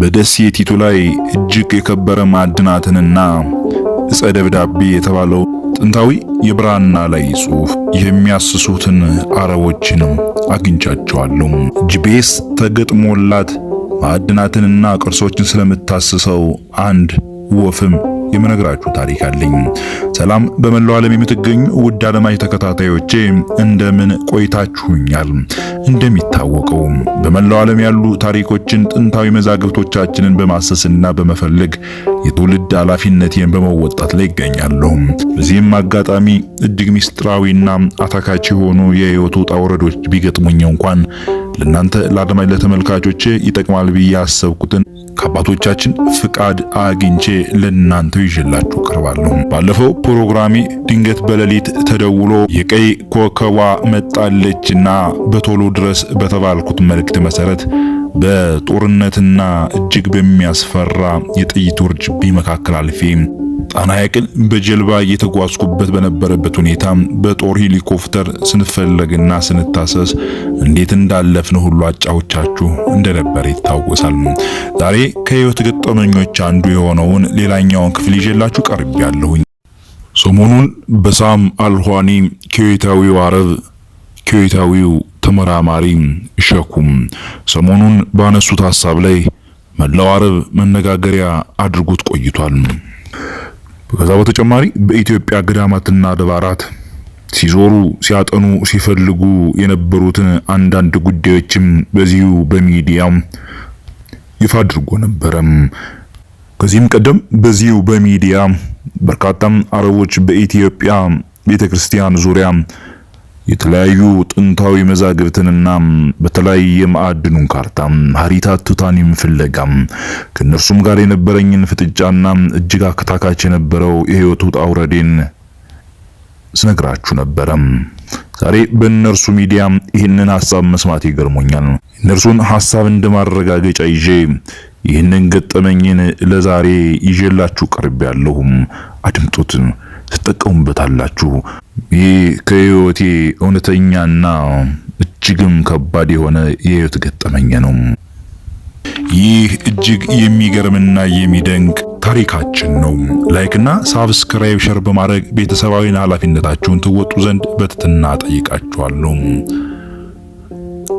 በደሴቲቱ ላይ እጅግ የከበረ ማዕድናትንና እጸ ደብዳቤ የተባለው ጥንታዊ የብራና ላይ ጽሑፍ የሚያስሱትን አረቦችንም አግኝቻቸዋለሁ። ጂፒኤስ ተገጥሞላት ማዕድናትንና ቅርሶችን ስለምታስሰው አንድ ወፍም የምነግራችሁ ታሪክ አለኝ። ሰላም በመላው ዓለም የምትገኙ ውድ አለማች ተከታታዮቼ እንደምን ቆይታችሁኛል? እንደሚታወቀው በመላው ዓለም ያሉ ታሪኮችን፣ ጥንታዊ መዛግብቶቻችንን በማሰስና በመፈለግ የትውልድ ኃላፊነቴን በመወጣት ላይ ይገኛለሁ። በዚህም አጋጣሚ እጅግ ሚስጥራዊና አታካች የሆኑ የህይወት ውጣ ውረዶች ቢገጥሙኝ እንኳን ለእናንተ ለአድማጭ ለተመልካቾች ይጠቅማል ብዬ ያሰብኩትን ከአባቶቻችን ፍቃድ አግኝቼ ለእናንተ ይዤላችሁ ቀርባለሁ። ባለፈው ፕሮግራሜ ድንገት በሌሊት ተደውሎ የቀይ ኮከቧ መጣለችና በቶሎ ድረስ በተባልኩት መልእክት መሰረት በጦርነትና እጅግ በሚያስፈራ የጥይት ውርጅቢ መካከል አልፌ ጣና ሐይቅን በጀልባ እየተጓዝኩበት በነበረበት ሁኔታ በጦር ሄሊኮፕተር ስንፈለግና ስንታሰስ እንዴት እንዳለፍን ሁሉ አጫዎቻችሁ እንደነበረ ይታወሳል። ዛሬ ከህይወት ገጠመኞች አንዱ የሆነውን ሌላኛውን ክፍል ይዤላችሁ ቀርቤያለሁኝ። ሰሞኑን በሳም አልኋኒ ኩዌታዊው አረብ ኩዌታዊው ተመራማሪ ሸኩም ሰሞኑን ባነሱት ሀሳብ ላይ መላው አረብ መነጋገሪያ አድርጎት ቆይቷል። ከዛ በተጨማሪ በኢትዮጵያ ገዳማትና አድባራት ሲዞሩ ሲያጠኑ ሲፈልጉ የነበሩትን አንዳንድ ጉዳዮችም በዚሁ በሚዲያ ይፋ አድርጎ ነበረም። ከዚህም ቀደም በዚሁ በሚዲያ በርካታ አረቦች በኢትዮጵያ ቤተክርስቲያን ዙሪያ የተለያዩ ጥንታዊ መዛግብትንና በተለያየ ማዕድኑን ካርታ ሀሪታት ቱታኒም ፍለጋም ከእነርሱም ጋር የነበረኝን ፍጥጫና እጅግ አከታካች የነበረው የህይወቱ ጣውረዴን ስነግራችሁ ነበረ። ዛሬ በእነርሱ ሚዲያ ይህንን ሐሳብ መስማት ይገርሞኛል። እነርሱን ሐሳብ እንደማረጋገጫ ይዤ ይህንን ገጠመኝን ለዛሬ ይዤላችሁ ቀርቤ ያለሁም። አድምጡት። ትጠቀሙበታላችሁ። ይህ ከህይወቴ እውነተኛና እጅግም ከባድ የሆነ የህይወት ገጠመኝ ነው። ይህ እጅግ የሚገርምና የሚደንቅ ታሪካችን ነው። ላይክና ሳብስክራይብ ሸር በማድረግ ቤተሰባዊን ኃላፊነታችሁን ትወጡ ዘንድ በትትና ጠይቃችኋለሁ።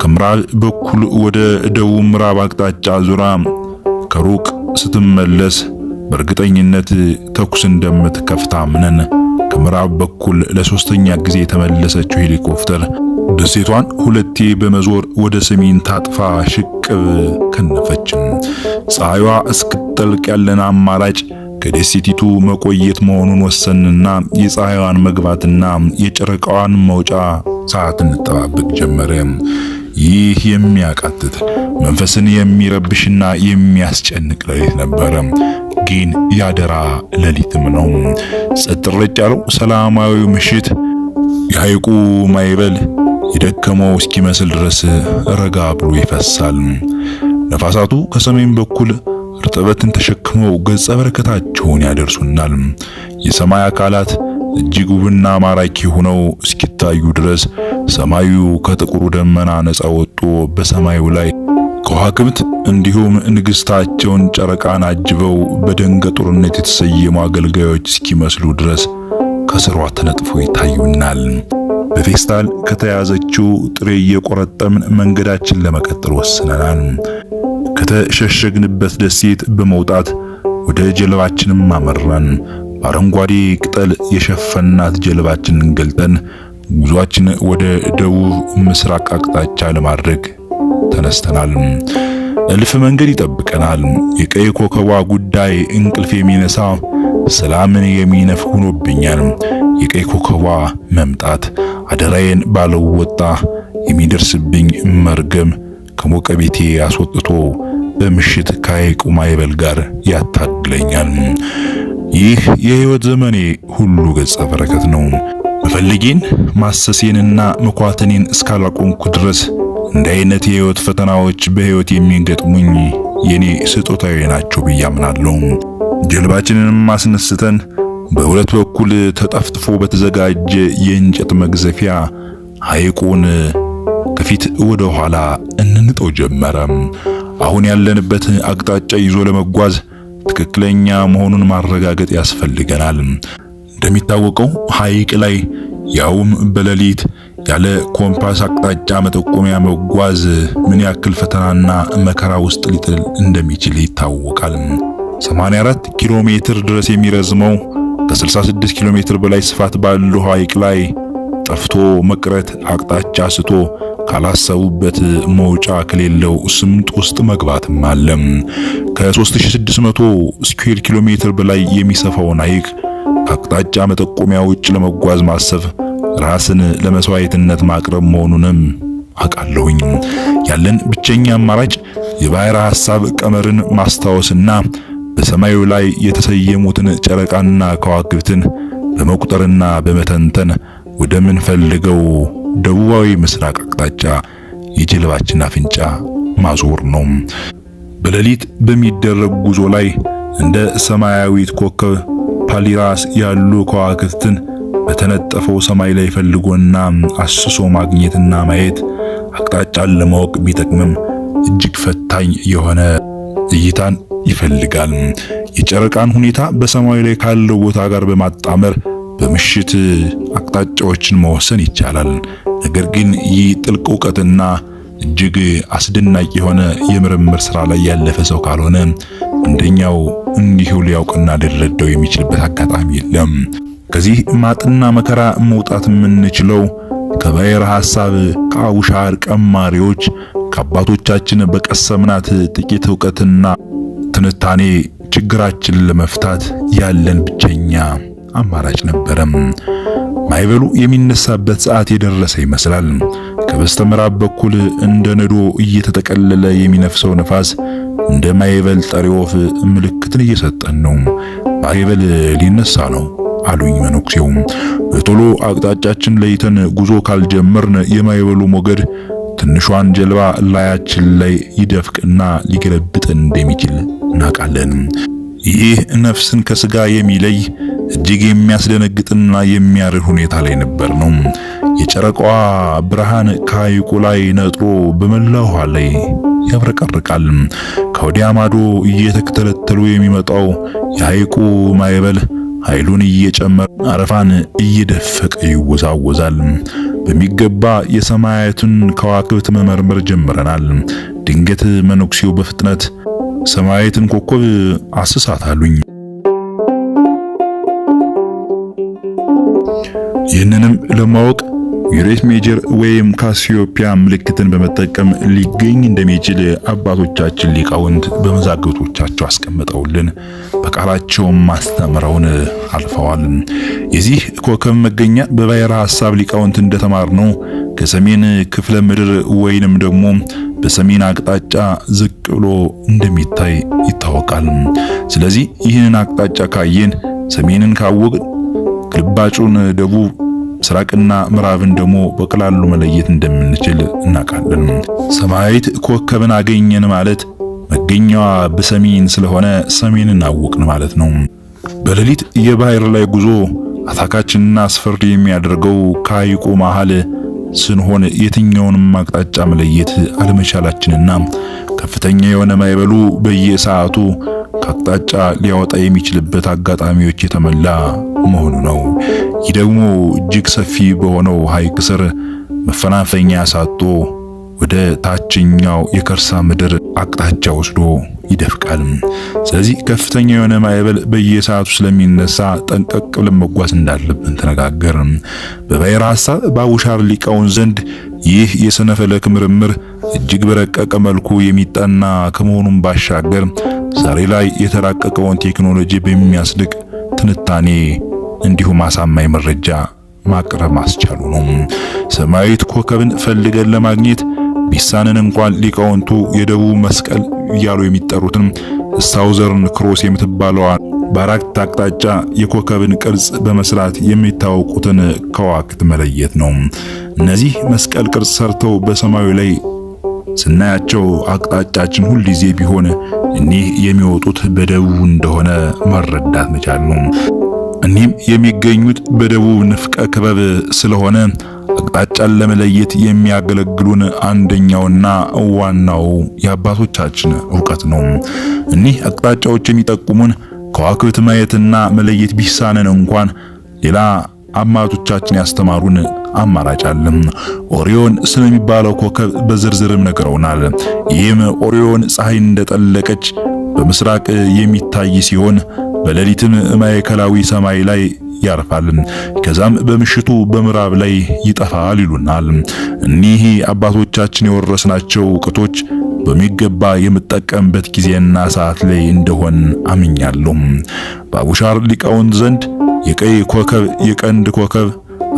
ከምዕራብ በኩል ወደ ደቡብ ምዕራብ አቅጣጫ ዙራ ከሩቅ ስትመለስ በእርግጠኝነት ተኩስ እንደምትከፍታ አምነን ከምዕራብ በኩል ለሶስተኛ ጊዜ የተመለሰችው ሄሊኮፕተር ደሴቷን ሁለቴ በመዞር ወደ ሰሜን ታጥፋ ሽቅብ ከነፈችም። ፀሐይዋ እስክትጠልቅ ያለን አማራጭ ከደሴቲቱ መቆየት መሆኑን ወሰንና የፀሐይዋን መግባትና የጨረቃዋን መውጫ ሰዓት እንጠባበቅ ጀመረ። ይህ የሚያቃትት መንፈስን የሚረብሽና የሚያስጨንቅ ሌሊት ነበረ። ምስኪን ያደራ ሌሊትም ነው። ጸጥ ያለው ሰላማዊ ምሽት የሐይቁ ማይበል የደከመው እስኪመስል ድረስ ረጋ ብሎ ይፈሳል። ነፋሳቱ ከሰሜን በኩል እርጥበትን ተሸክመው ገጸ በረከታቸውን ያደርሱናል። የሰማይ አካላት እጅግ ውብና ማራኪ ሆነው እስኪታዩ ድረስ ሰማዩ ከጥቁሩ ደመና ነፃ ወጥቶ በሰማዩ ላይ ከዋክብት እንዲሁም ንግስታቸውን ጨረቃን አጅበው በደንገ ጦርነት የተሰየሙ አገልጋዮች እስኪመስሉ ድረስ ከስሯ ተነጥፎ ይታዩናል። በፌስታል ከተያዘችው ጥሬ እየቆረጠምን መንገዳችን ለመቀጠል ወስነናል። ከተሸሸግንበት ደሴት በመውጣት ወደ ጀልባችንም አመራን። በአረንጓዴ ቅጠል የሸፈናት ጀልባችንን ገልጠን ጉዟችን ወደ ደቡብ ምስራቅ አቅጣጫ ለማድረግ ተነስተናል። እልፍ መንገድ ይጠብቀናል። የቀይ ኮከቧ ጉዳይ እንቅልፍ የሚነሳ ሰላምን የሚነፍ ሆኖብኛል። የቀይ ኮከቧ መምጣት አደራዬን ባለወጣ የሚደርስብኝ መርገም ከሞቀ ቤቴ አስወጥቶ በምሽት ከሐይቁ ማዕበል ጋር ያታግለኛል። ይህ የህይወት ዘመኔ ሁሉ ገጸ በረከት ነው። መፈለጌን ማሰሴንና መኳተኔን እስካላቆምኩ ድረስ እንደ አይነት የህይወት ፈተናዎች በህይወት የሚገጥሙኝ የኔ ስጦታዊ ናቸው ብዬ አምናለሁ። ጀልባችንንም አስነስተን በሁለት በኩል ተጠፍጥፎ በተዘጋጀ የእንጨት መግዘፊያ ሐይቁን ከፊት ወደ ኋላ እንንጠው ጀመረ። አሁን ያለንበት አቅጣጫ ይዞ ለመጓዝ ትክክለኛ መሆኑን ማረጋገጥ ያስፈልገናል። እንደሚታወቀው ሐይቅ ላይ ያውም በሌሊት ያለ ኮምፓስ አቅጣጫ መጠቆሚያ መጓዝ ምን ያክል ፈተናና መከራ ውስጥ ሊጥል እንደሚችል ይታወቃል። 84 ኪሎ ሜትር ድረስ የሚረዝመው ከ66 ኪሎ ሜትር በላይ ስፋት ባለው ሐይቅ ላይ ጠፍቶ መቅረት አቅጣጫ ስቶ ካላሰቡበት መውጫ ከሌለው ስምጥ ውስጥ መግባትም አለ ከ ከ3600 ስኩዌር ኪሎ ሜትር በላይ የሚሰፋውን ሐይቅ ከአቅጣጫ መጠቆሚያ ውጭ ለመጓዝ ማሰብ ራስን ለመስዋዕትነት ማቅረብ መሆኑንም አውቃለሁኝ። ያለን ብቸኛ አማራጭ የባሕረ ሐሳብ ቀመርን ማስታወስና በሰማዩ ላይ የተሰየሙትን ጨረቃና ከዋክብትን በመቁጠርና በመተንተን ወደምንፈልገው ደቡባዊ ምስራቅ አቅጣጫ የጀልባችን አፍንጫ ማዞር ነው። በሌሊት በሚደረግ ጉዞ ላይ እንደ ሰማያዊት ኮከብ ፓሊራስ ያሉ ከዋክብትን በተነጠፈው ሰማይ ላይ ፈልጎና አስሶ ማግኘትና ማየት አቅጣጫን ለማወቅ ቢጠቅምም እጅግ ፈታኝ የሆነ እይታን ይፈልጋል። የጨረቃን ሁኔታ በሰማዩ ላይ ካለው ቦታ ጋር በማጣመር በምሽት አቅጣጫዎችን መወሰን ይቻላል። ነገር ግን ይህ ጥልቅ እውቀትና እጅግ አስደናቂ የሆነ የምርምር ስራ ላይ ያለፈ ሰው ካልሆነ እንደኛው እንዲሁ ሊያውቅና ሊረዳው የሚችልበት አጋጣሚ የለም። ከዚህ ማጥና መከራ መውጣት የምንችለው ከባሕረ ሐሳብ ከአውሻር ቀማሪዎች ከአባቶቻችን በቀሰምናት ጥቂት እውቀትና ትንታኔ ችግራችንን ለመፍታት ያለን ብቸኛ አማራጭ ነበረም። ማይበሉ የሚነሳበት ሰዓት የደረሰ ይመስላል። ከበስተ ምዕራብ በኩል እንደ ነዶ እየተጠቀለለ የሚነፍሰው ነፋስ እንደ ማይበል ጠሪ ወፍ ምልክትን እየሰጠን ነው። ማይበል ሊነሳ ነው። አሉኝ መነኩሴውም። በቶሎ አቅጣጫችን ለይተን ጉዞ ካልጀመርን የማይበሉ ሞገድ ትንሿን ጀልባ ላያችን ላይ ይደፍቅና ሊገለብጥ እንደሚችል እናውቃለን። ይህ ነፍስን ከስጋ የሚለይ እጅግ የሚያስደነግጥና የሚያርድ ሁኔታ ላይ ነበር ነው። የጨረቃዋ ብርሃን ከሐይቁ ላይ ነጥሮ በመላው ውሃ ላይ ያብረቀርቃል። ከወዲያ ማዶ እየተከተለተሉ የሚመጣው የሐይቁ ማዕበል ኃይሉን እየጨመረ አረፋን እየደፈቀ ይወዛወዛል። በሚገባ የሰማያቱን ከዋክብት መመርመር ጀምረናል። ድንገት መነኩሴው በፍጥነት ሰማያትን ኮከብ አስሳት አሉኝ። ይህንንም ለማወቅ ዩሬት ሜጀር ወይም ካሲዮፒያ ምልክትን በመጠቀም ሊገኝ እንደሚችል አባቶቻችን ሊቃውንት በመዛግብቶቻቸው አስቀምጠውልን በቃላቸውም ማስተምረውን አልፈዋል። የዚህ ኮከብ መገኛ በባሕረ ሐሳብ ሊቃውንት እንደተማርነው ከሰሜን ክፍለ ምድር ወይንም ደግሞ በሰሜን አቅጣጫ ዝቅ ብሎ እንደሚታይ ይታወቃል። ስለዚህ ይህንን አቅጣጫ ካየን ሰሜንን ካወቅን ግልባጩን ደቡብ ምስራቅና ምዕራብን ደግሞ በቀላሉ መለየት እንደምንችል እናውቃለን። ሰማያዊት ኮከብን አገኘን ማለት መገኛዋ በሰሜን ስለሆነ ሰሜንን አወቅን ማለት ነው። በሌሊት የባህር ላይ ጉዞ አታካችንና አስፈሪ የሚያደርገው ከሐይቁ መሃል ስንሆን የትኛውንም አቅጣጫ መለየት አለመቻላችንና ከፍተኛ የሆነ ማይበሉ በየሰዓቱ ከአቅጣጫ ሊያወጣ የሚችልበት አጋጣሚዎች የተሞላ መሆኑ ነው። ይህ ደግሞ እጅግ ሰፊ በሆነው ሐይቅ ስር መፈናፈኛ ሳጦ ወደ ታችኛው የከርሳ ምድር አቅጣጫ ወስዶ ይደፍቃል። ስለዚህ ከፍተኛ የሆነ ማዕበል በየሰዓቱ ስለሚነሳ ጠንቀቅ ብለን መጓዝ እንዳለብን ተነጋገር። በባሕረ ሐሳብ በአቡሻር ሊቃውን ዘንድ ይህ የሥነ ፈለክ ምርምር እጅግ በረቀቀ መልኩ የሚጠና ከመሆኑም ባሻገር ዛሬ ላይ የተራቀቀውን ቴክኖሎጂ በሚያስልቅ ትንታኔ እንዲሁም አሳማኝ መረጃ ማቅረብ ማስቻሉ ነው። ሰማያዊት ኮከብን ፈልገን ለማግኘት ቢሳንን እንኳን ሊቃውንቱ የደቡብ መስቀል እያሉ የሚጠሩትን ሳውዘርን ክሮስ የምትባለዋ በአራት አቅጣጫ የኮከብን ቅርጽ በመስራት የሚታወቁትን ከዋክት መለየት ነው። እነዚህ መስቀል ቅርጽ ሰርተው በሰማዩ ላይ ስናያቸው አቅጣጫችን ጊዜ ቢሆን እኒህ የሚወጡት በደቡብ እንደሆነ መረዳት መቻል ነው። እኒህም የሚገኙት በደቡብ ንፍቀ ክበብ ስለሆነ አቅጣጫን ለመለየት የሚያገለግሉን አንደኛውና ዋናው የአባቶቻችን እውቀት ነው። እኒህ አቅጣጫዎች የሚጠቁሙን ከዋክብት ማየትና መለየት ቢሳነን እንኳን ሌላ አማቶቻችን ያስተማሩን አማራጭ አለ። ኦሪዮን ስለሚባለው ኮከብ በዝርዝርም ነግረውናል። ይህም ኦሪዮን ፀሐይ እንደጠለቀች በምስራቅ የሚታይ ሲሆን በሌሊትም ማዕከላዊ ሰማይ ላይ ያርፋል ከዛም በምሽቱ በምዕራብ ላይ ይጠፋል ይሉናል። እኒህ አባቶቻችን የወረስናቸው እውቀቶች በሚገባ የምጠቀምበት ጊዜና ሰዓት ላይ እንደሆን አምኛለሁ። በአቡሻር ሊቃውንት ዘንድ የቀይ ኮከብ፣ የቀንድ ኮከብ፣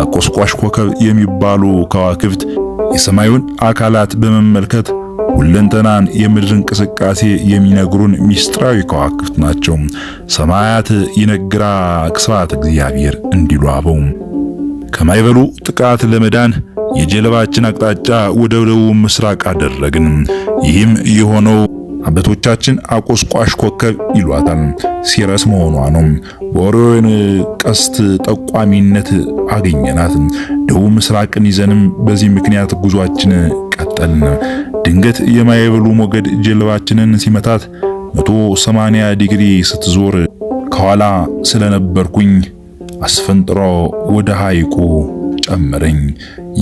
አቆስቋሽ ኮከብ የሚባሉ ከዋክብት የሰማዩን አካላት በመመልከት ሁለንተናን የምድር እንቅስቃሴ የሚነግሩን ሚስጥራዊ ከዋክብት ናቸው። ሰማያት ይነግራ ክስራት እግዚአብሔር እንዲሉ አበው ከማይበሉ ጥቃት ለመዳን የጀልባችን አቅጣጫ ወደ ደቡብ ምስራቅ አደረግን። ይህም የሆነው አባቶቻችን አቆስቋሽ ኮከብ ይሏታል። ሲረስ መሆኗ ነው። በኦሪዮን ቀስት ጠቋሚነት አገኘናት። ደቡብ ምስራቅን ይዘንም በዚህ ምክንያት ጉዟችን ቀጠልን። ድንገት የማዕበሉ ሞገድ ጀልባችንን ሲመታት 180 ዲግሪ ስትዞር ከኋላ ስለነበርኩኝ አስፈንጥሮ ወደ ሐይቁ ጨመረኝ።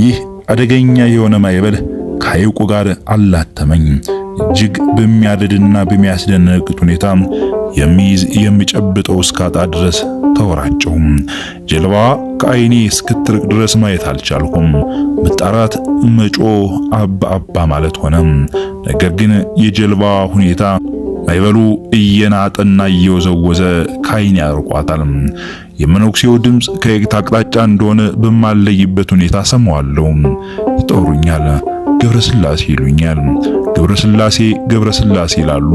ይህ አደገኛ የሆነ ማዕበል ከሐይቁ ጋር አላተመኝ። እጅግ በሚያደድና በሚያስደነግጥ ሁኔታ የሚይዝ የሚጨብጠው እስካጣ ድረስ ተወራጨው። ጀልባዋ ከአይኔ እስክትርቅ ድረስ ማየት አልቻልኩም። መጣራት፣ መጮ፣ አባ አባ ማለት ሆነ። ነገር ግን የጀልባዋ ሁኔታ ማይበሉ እየናጠና እየወዘወዘ ከአይኔ ያርቋታል። የመነኩሴው ድምፅ ከየት አቅጣጫ እንደሆነ በማለይበት ሁኔታ ሰማዋለሁ። ይጠሩኛል፣ ገብረ ስላሴ ይሉኛል። ገብረ ስላሴ ገብረ ስላሴ ይላሉ።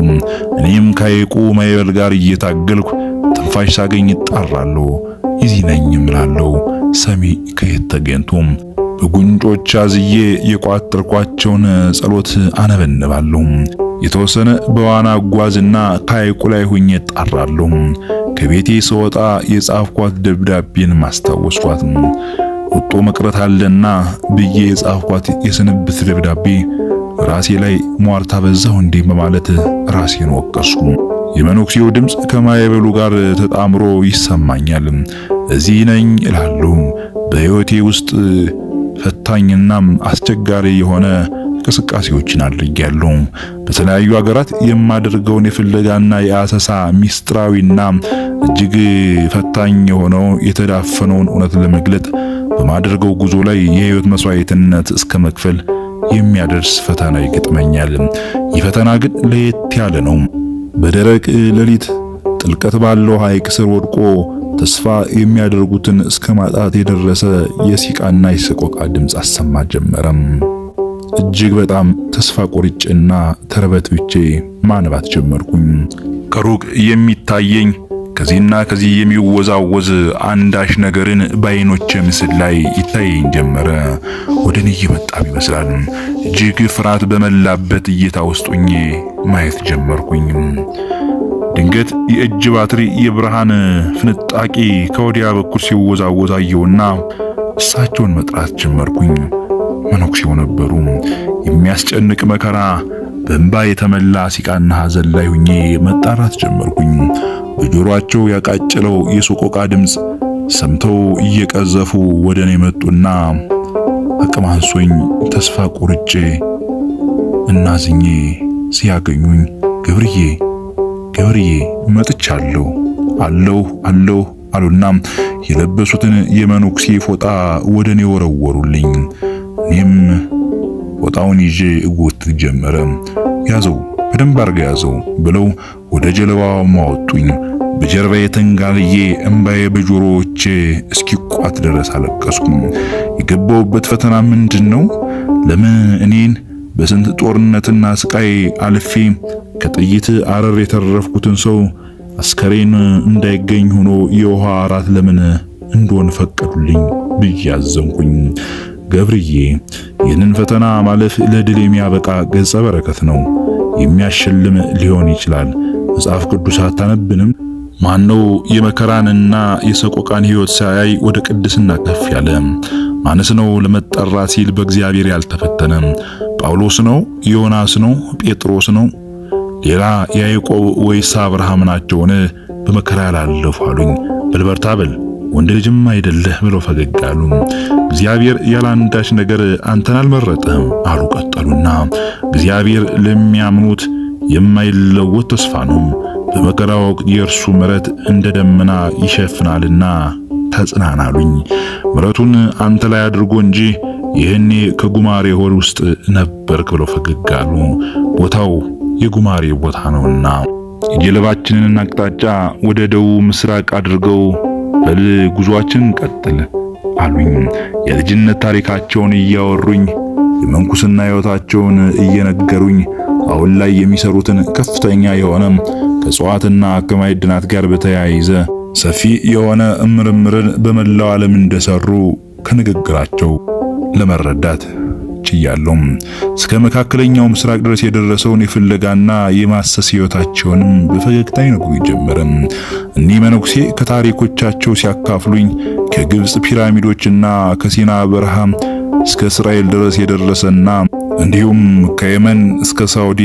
እኔም ከሐይቁ ማይበል ጋር እየታገልኩ ትንፋሽ ሳገኝ እጣራለሁ፣ ይዚህ ነኝ እምላለሁ። ሰሚ ከየት ተገኝቶም በጉንጮች አዝዬ የቋጠርኳቸውን ጸሎት አነበንባለሁ። የተወሰነ በዋና ጓዝና ከሐይቁ ላይ ሁኜ እጣራለሁ። ከቤቴ ስወጣ የጻፍኳት ደብዳቤን ማስታወስኳት ወጦ መቅረት አለና ብዬ የጻፍኳት የስንብት ደብዳቤ ራሴ ላይ ሟርታ በዛው እንዴ በማለት ራሴን ወቀስኩ። የመኖክሴው ድምፅ ከማዕበሉ ጋር ተጣምሮ ይሰማኛል። እዚህ ነኝ እላለሁ። በሕይወቴ ውስጥ ፈታኝናም አስቸጋሪ የሆነ እንቅስቃሴዎችን አድርጌያለሁ። በተለያዩ ሀገራት የማደርገውን የፍለጋና የአሰሳ ሚስጥራዊና እጅግ ፈታኝ የሆነው የተዳፈነውን እውነት ለመግለጥ በማደርገው ጉዞ ላይ የህይወት መስዋዕትነት እስከ መክፈል የሚያደርስ ፈተና ይገጥመኛል። ይህ ፈተና ግን ለየት ያለ ነው። በደረቅ ሌሊት ጥልቀት ባለው ሐይቅ ስር ወድቆ ተስፋ የሚያደርጉትን እስከ ማጣት የደረሰ የሲቃና የሰቆቃ ድምፅ አሰማ ጀመረም። እጅግ በጣም ተስፋ ቆርጬና ብቼ ማንባት ጀመርኩኝ። ከሩቅ የሚታየኝ ከዚህና ከዚህ የሚወዛወዝ አንዳሽ ነገርን በዓይኖቼ ምስል ላይ ይታየኝ ጀመረ። ወደ እኔ እየመጣም ይመስላል። እጅግ ፍርሃት በመላበት እይታ ውስጥ ማየት ጀመርኩኝ። ድንገት የእጅ ባትሪ የብርሃን ፍንጣቂ ከወዲያ በኩል ሲወዛወዝ አየሁና እሳቸውን መጥራት ጀመርኩኝ። መነኩሴው ነበሩ። የሚያስጨንቅ መከራ በእንባ የተመላ ሲቃና ሐዘን ላይ ሁኜ መጣራት ጀመርኩኝ። በጆሮአቸው ያቃጭለው የሶቆቃ ድምፅ ሰምተው እየቀዘፉ ወደ እኔ መጡና አቅም አንሶኝ ተስፋ ቆርጬ እናዝኜ ሲያገኙኝ ገብርዬ ገብርዬ መጥቻለሁ አለሁ አለሁ አሉና የለበሱትን የመነኩሴ ፎጣ ወደ እኔ ወረወሩልኝ። እኔም ፎጣውን ይዤ እጎት ጀመረ። ያዘው፣ በደንብ አርገ ያዘው ብለው ወደ ጀለባው ማወጡኝ። በጀርባዬ ተንጋልዬ እምባዬ በጆሮዎቼ እስኪቋት ድረስ አለቀስኩ። የገባውበት ፈተና ምንድን ነው? ለምን እኔን በስንት ጦርነትና ስቃይ አልፌ ከጥይት አረር የተረፍኩትን ሰው አስከሬን እንዳይገኝ ሆኖ የውሃ አራት ለምን እንደሆን ፈቀዱልኝ ብዬ አዘንኩኝ። ገብርዬ ይህንን ፈተና ማለፍ ለድል የሚያበቃ ገጸ በረከት ነው። የሚያሸልም ሊሆን ይችላል። መጽሐፍ ቅዱስ አታነብንም? ማነው የመከራንና የሰቆቃን ሕይወት ሳያይ ወደ ቅድስና ከፍ ያለ? ማንስ ነው ለመጠራ ሲል በእግዚአብሔር ያልተፈተነ? ጳውሎስ ነው? ዮናስ ነው? ጴጥሮስ ነው? ሌላ ያዕቆብ ወይስ አብርሃም ናቸውን? በመከራ ያላለፉ አሉኝ። በል በል ወንድ ልጅም አይደለህ ብለው ፈገግ አሉ። እግዚአብሔር ያላንዳች ነገር አንተን አልመረጠህም አሉ ቀጠሉና፣ እግዚአብሔር ለሚያምኑት የማይለወጥ ተስፋ ነው። በመከራው ወቅት የእርሱ እንደ ደመና ይሸፍናልና ተጽናናሉኝ። ምረቱን አንተ ላይ አድርጎ እንጂ ይህኔ ከጉማሬ ሆድ ውስጥ ነበርክ ብለው ፈገግ አሉ። ቦታው የጉማሬ ቦታ ነውና የጀልባችንን አቅጣጫ ወደ ደቡብ ምስራቅ አድርገው በል ጉዟችን ቀጥል አሉኝ። የልጅነት ታሪካቸውን እያወሩኝ የመንኩስና ሕይወታቸውን እየነገሩኝ አሁን ላይ የሚሰሩትን ከፍተኛ የሆነ ከእጽዋትና ከማዕድናት ጋር በተያይዘ ሰፊ የሆነ ምርምርን በመላው ዓለም እንደሰሩ ከንግግራቸው ለመረዳት ችያለሁ። እስከ መካከለኛው ምስራቅ ድረስ የደረሰውን የፍለጋና የማሰስ ሕይወታቸውንም በፈገግታ ይነግሩ ጀመረም። እኒህ መነኩሴ ከታሪኮቻቸው ሲያካፍሉኝ ከግብፅ ፒራሚዶችና ከሲና በረሃ እስከ እስራኤል ድረስ የደረሰና እንዲሁም ከየመን እስከ ሳውዲ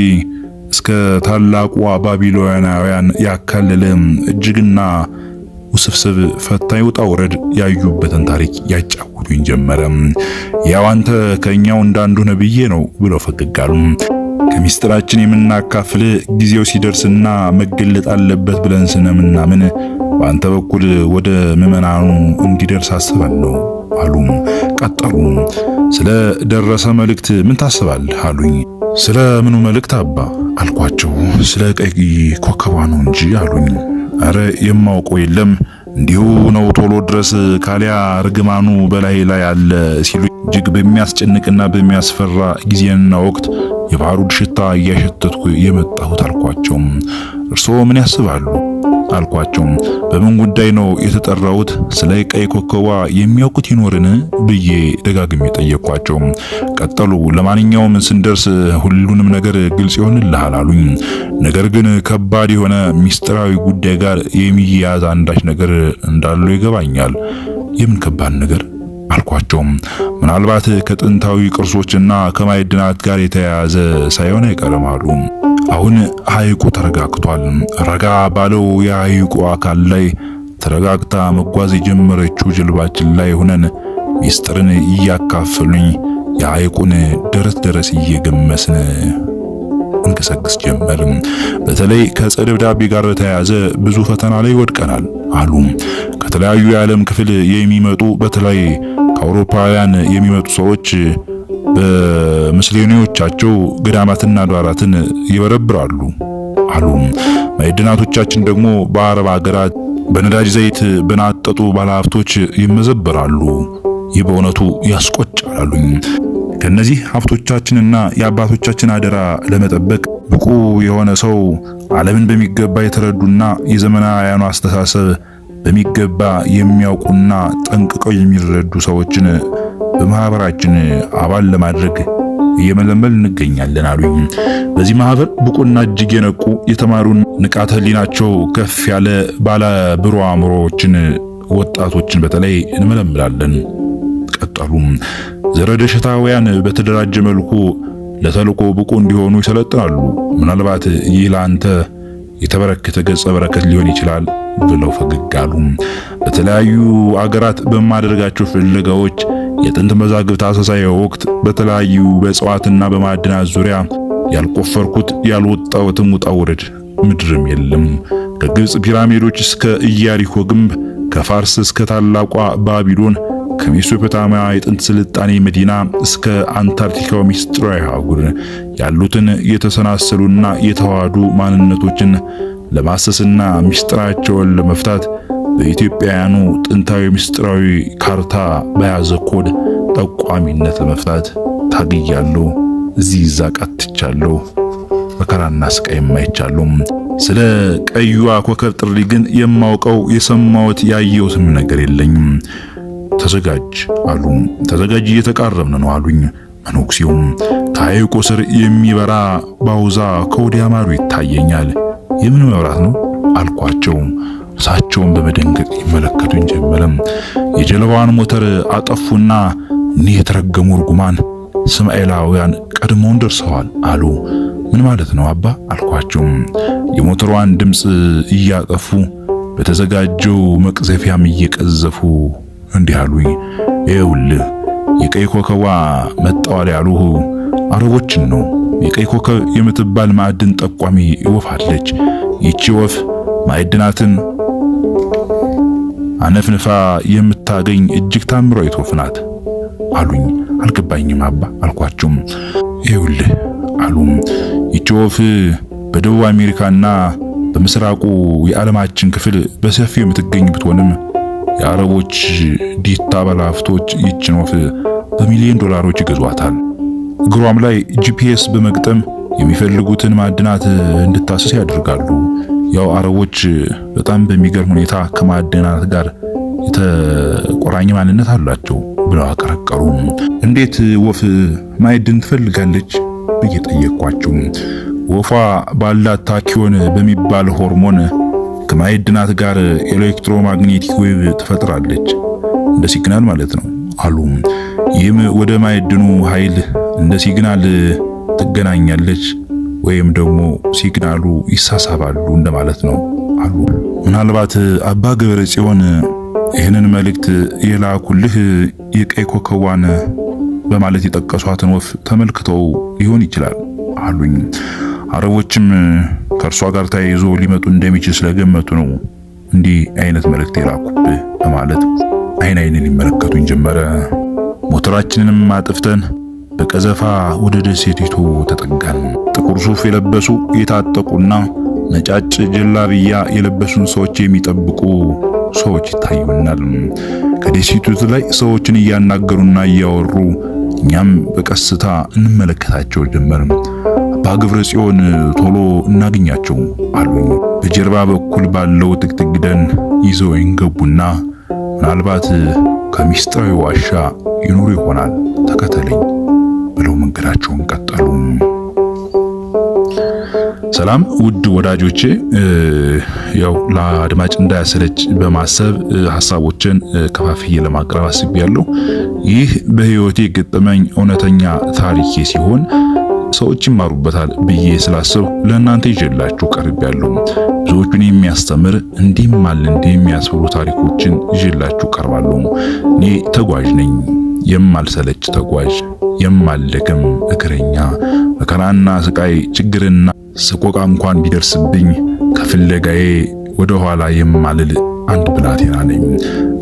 እስከ ታላቋ ባቢሎናውያን ያካለለ እጅግና ውስብስብ ፈታኝ ውጣ ውረድ ያዩበትን ታሪክ ያጫውቱኝ ጀመረ። ያው አንተ ከእኛው እንዳንዱ ነብዬ ነው ብሎ ፈገግ አሉ። ከሚስጥራችን የምናካፍል ጊዜው ሲደርስና መገለጥ አለበት ብለን ስነምናምን በአንተ በኩል ወደ ምዕመናኑ እንዲደርስ አስባለሁ አሉ። ቀጠሉ። ስለ ደረሰ መልእክት ምን ታስባል አሉኝ። ስለ ምኑ መልእክት አባ አልኳቸው። ስለ ቀይ ኮከቧ ነው እንጂ አሉኝ። አረ የማውቀው የለም እንዲሁ ነው ቶሎ ድረስ ካሊያ ርግማኑ በላይ ላይ አለ ሲሉ እጅግ በሚያስጨንቅና በሚያስፈራ ጊዜና ወቅት የባሩድ ሽታ እያሸተትኩ የመጣሁት አልኳቸው። እርስዎ ምን ያስባሉ? አልኳቸው። በምን ጉዳይ ነው የተጠራሁት? ስለ ቀይ ኮከቧ የሚያውቁት ይኖርን ብዬ ደጋግሜ ጠየኳቸው። ቀጠሉ። ለማንኛውም ስንደርስ ሁሉንም ነገር ግልጽ ይሆንልሃል አሉኝ። ነገር ግን ከባድ የሆነ ሚስጥራዊ ጉዳይ ጋር የሚያያዝ አንዳች ነገር እንዳለው ይገባኛል። የምን ከባድ ነገር አልኳቸውም። ምናልባት ከጥንታዊ ቅርሶችና ከማዕድናት ጋር የተያያዘ ሳይሆን አይቀርም አሉ። አሁን ሐይቁ ተረጋግቷል። ረጋ ባለው የሐይቁ አካል ላይ ተረጋግታ መጓዝ የጀመረችው ጀልባችን ላይ ሆነን ሚስጥርን እያካፈሉኝ የሐይቁን ደረስ ደረስ እየገመስን እንቀሰቅስ ጀመር። በተለይ ከአጸደ ደብዳቤ ጋር በተያያዘ ብዙ ፈተና ላይ ወድቀናል አሉ። ከተለያዩ የዓለም ክፍል የሚመጡ በተለይ ከአውሮፓውያን የሚመጡ ሰዎች በምስሌኔዎቻቸው ገዳማትና ዷራትን ይበረብራሉ አሉ። ማዕድናቶቻችን ደግሞ በአረብ ሀገራት በነዳጅ ዘይት በናጠጡ ባለሀብቶች ይመዘበራሉ። ይህ በእውነቱ ያስቆጫል አሉኝ። ከነዚህ ሀብቶቻችንና የአባቶቻችን አደራ ለመጠበቅ ብቁ የሆነ ሰው ዓለምን በሚገባ የተረዱና የዘመናውያኑ አስተሳሰብ በሚገባ የሚያውቁና ጠንቅቀው የሚረዱ ሰዎችን በማህበራችን አባል ለማድረግ እየመለመል እንገኛለን አሉኝ። በዚህ ማህበር ብቁና እጅግ የነቁ የተማሩን ንቃተ ህሊናቸው ከፍ ያለ ባለ ብሩህ አእምሮዎችን ወጣቶችን በተለይ እንመለምላለን። ቀጠሉም ዘረደሽታውያን በተደራጀ መልኩ ለተልዕኮ ብቁ እንዲሆኑ ይሰለጥናሉ። ምናልባት ይህ ለአንተ የተበረከተ ገጸ በረከት ሊሆን ይችላል ብለው ፈገግ አሉ። በተለያዩ አገራት በማደርጋቸው ፍለጋዎች የጥንት መዛግብት አሰሳይ ወቅት በተለያዩ በእጽዋትና በማዕድናት ዙሪያ ያልቆፈርኩት ያልወጣሁትም ውጣ ውረድ ምድርም የለም። ከግብጽ ፒራሚዶች እስከ ኢያሪኮ ግንብ፣ ከፋርስ እስከ ታላቋ ባቢሎን ከሜሶፖታሚያ የጥንት ስልጣኔ መዲና እስከ አንታርክቲካው ሚስጥራዊ አህጉር ያሉትን የተሰናሰሉና የተዋሃዱ ማንነቶችን ለማሰስና ሚስጥራቸውን ለመፍታት በኢትዮጵያውያኑ ጥንታዊ ሚስጥራዊ ካርታ በያዘ ኮድ ጠቋሚነት ለመፍታት ታግያለሁ። እዚህ እዛ ቃትቻለሁ። መከራና ስቃይም ስለ ቀዩዋ ኮከብ ጥሪ ግን የማውቀው የሰማሁት ያየሁትም ነገር የለኝም። ተዘጋጅ አሉ። ተዘጋጅ እየተቃረብን ነው አሉኝ። መነኩሴውም ከሐይቁ ስር የሚበራ ባውዛ ከወዲያ ማዶ ይታየኛል። የምን መብራት ነው አልኳቸው። እርሳቸውን በመደንገጥ ይመለከቱኝ ጀመረም። የጀልባዋን ሞተር አጠፉና እኒህ የተረገሙ እርጉማን እስማኤላውያን ቀድሞውን ደርሰዋል አሉ። ምን ማለት ነው አባ አልኳቸው። የሞተሯን ድምፅ እያጠፉ በተዘጋጀው መቅዘፊያም እየቀዘፉ እንዲህ አሉኝ፣ ይኸውልህ የቀይ ኮከቧ መጣዋል ያሉህ አረቦችን ነው። የቀይ ኮከብ የምትባል ማዕድን ጠቋሚ ወፍ አለች። ይቺ ወፍ ማዕድናትን አነፍንፋ የምታገኝ እጅግ ታምራዊት ወፍ ናት አሉኝ። አልገባኝም አባ አልኳቸውም። ይኸውልህ አሉም ይቺ ወፍ በደቡብ አሜሪካና በምስራቁ የዓለማችን ክፍል በሰፊው የምትገኝ ብትሆንም የአረቦች ዲታ ባለሀብቶች ይችን ወፍ በሚሊዮን ዶላሮች ይገዟታል። እግሯም ላይ ጂፒኤስ በመግጠም የሚፈልጉትን ማዕድናት እንድታስስ ያደርጋሉ። ያው አረቦች በጣም በሚገርም ሁኔታ ከማዕድናት ጋር የተቆራኘ ማንነት አላቸው ብለው አቀረቀሩም እንዴት ወፍ ማዕድን ትፈልጋለች ብዬ ጠየቅኳቸው። ወፏ ባላት ታኪዮን በሚባል ሆርሞን ከማዕድናት ጋር ኤሌክትሮማግኔቲክ ዌቭ ትፈጥራለች፣ እንደ ሲግናል ማለት ነው አሉ። ይህም ወደ ማዕድኑ ኃይል እንደ ሲግናል ትገናኛለች ወይም ደግሞ ሲግናሉ ይሳሳባሉ እንደማለት ነው አሉ። ምናልባት አባ ገብረ ጽዮን ይህንን መልእክት የላኩልህ የቀይ ኮከቧን በማለት የጠቀሷትን ወፍ ተመልክተው ሊሆን ይችላል አሉኝ። አረቦችም ከእርሷ ጋር ተያይዞ ሊመጡ እንደሚችል ስለገመቱ ነው እንዲህ አይነት መልእክት የላኩብህ በማለት አይን አይን ሊመለከቱኝ ጀመረ። ሞተራችንንም አጥፍተን በቀዘፋ ወደ ደሴቲቱ ተጠጋን። ጥቁር ሱፍ የለበሱ የታጠቁና ነጫጭ ጀላብያ የለበሱን ሰዎች የሚጠብቁ ሰዎች ይታዩናል። ከደሴቲቱ ላይ ሰዎችን እያናገሩና እያወሩ እኛም በቀስታ እንመለከታቸው ጀመርም። በግብረ ጽዮን ቶሎ እናገኛቸው አሉኝ። በጀርባ በኩል ባለው ጥቅጥቅ ደን ይዘውኝ ገቡና ምናልባት ከሚስጥራዊ ዋሻ ይኖሩ ይሆናል ተከተለኝ ብለው መንገዳቸውን ቀጠሉ። ሰላም ውድ ወዳጆቼ፣ ያው ለአድማጭ እንዳያሰለች በማሰብ ሀሳቦችን ከፋፍዬ ለማቅረብ አስቤያለሁ። ይህ በህይወቴ ገጠመኝ እውነተኛ ታሪኬ ሲሆን ሰዎች ይማሩበታል ብዬ ስላሰብ ለእናንተ ይዤላችሁ ቀርብ ያለው ብዙዎቹን የሚያስተምር እንዲህም አለ እንዲህ የሚያስብሉ ታሪኮችን ይዤላችሁ ቀርባለሁ። እኔ ተጓዥ ነኝ፣ የማልሰለች ተጓዥ፣ የማልደክም እግረኛ። መከራና ስቃይ፣ ችግርና ሰቆቃ እንኳን ቢደርስብኝ ከፍለጋዬ ወደ ኋላ የማልል አንድ ብላቴና ነኝ።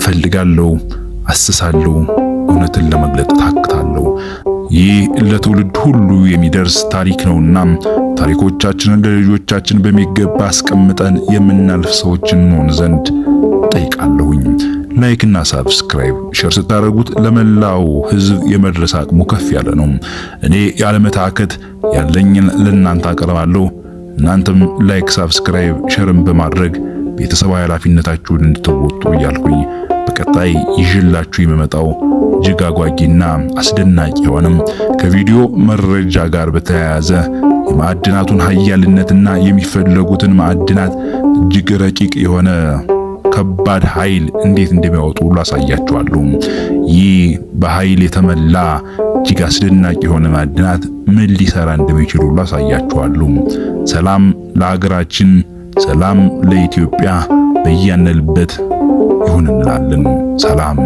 ፈልጋለሁ፣ አስሳለሁ፣ እውነትን ለመግለጥ ታክታለሁ። ይህ ለትውልድ ሁሉ የሚደርስ ታሪክ ነውና ታሪኮቻችንን ለልጆቻችን በሚገባ አስቀምጠን የምናልፍ ሰዎችን እንሆን ዘንድ ጠይቃለሁኝ። ላይክ እና ሳብስክራይብ ሸር ስታደርጉት ለመላው ሕዝብ የመድረስ አቅሙ ከፍ ያለ ነው። እኔ ያለመታከት ያለኝን ለእናንተ አቀርባለሁ። እናንተም ላይክ፣ ሰብስክራይብ፣ ሼርን በማድረግ ቤተሰባዊ ኃላፊነታችሁን እንድትወጡ እያልኩኝ በቀጣይ ይዤላችሁ የምመጣው እጅግ አጓጊና አስደናቂ የሆነም ከቪዲዮ መረጃ ጋር በተያያዘ የማዕድናቱን ሀያልነትና የሚፈለጉትን ማዕድናት እጅግ ረቂቅ የሆነ ከባድ ኃይል እንዴት እንደሚያወጡ ሁሉ አሳያችኋለሁ። ይህ በኃይል የተመላ እጅግ አስደናቂ የሆነ ማዕድናት ምን ሊሰራ እንደሚችል ሁሉ አሳያችኋለሁ። ሰላም ለሀገራችን፣ ሰላም ለኢትዮጵያ በያነልበት ይሁን እንላለን። ሰላም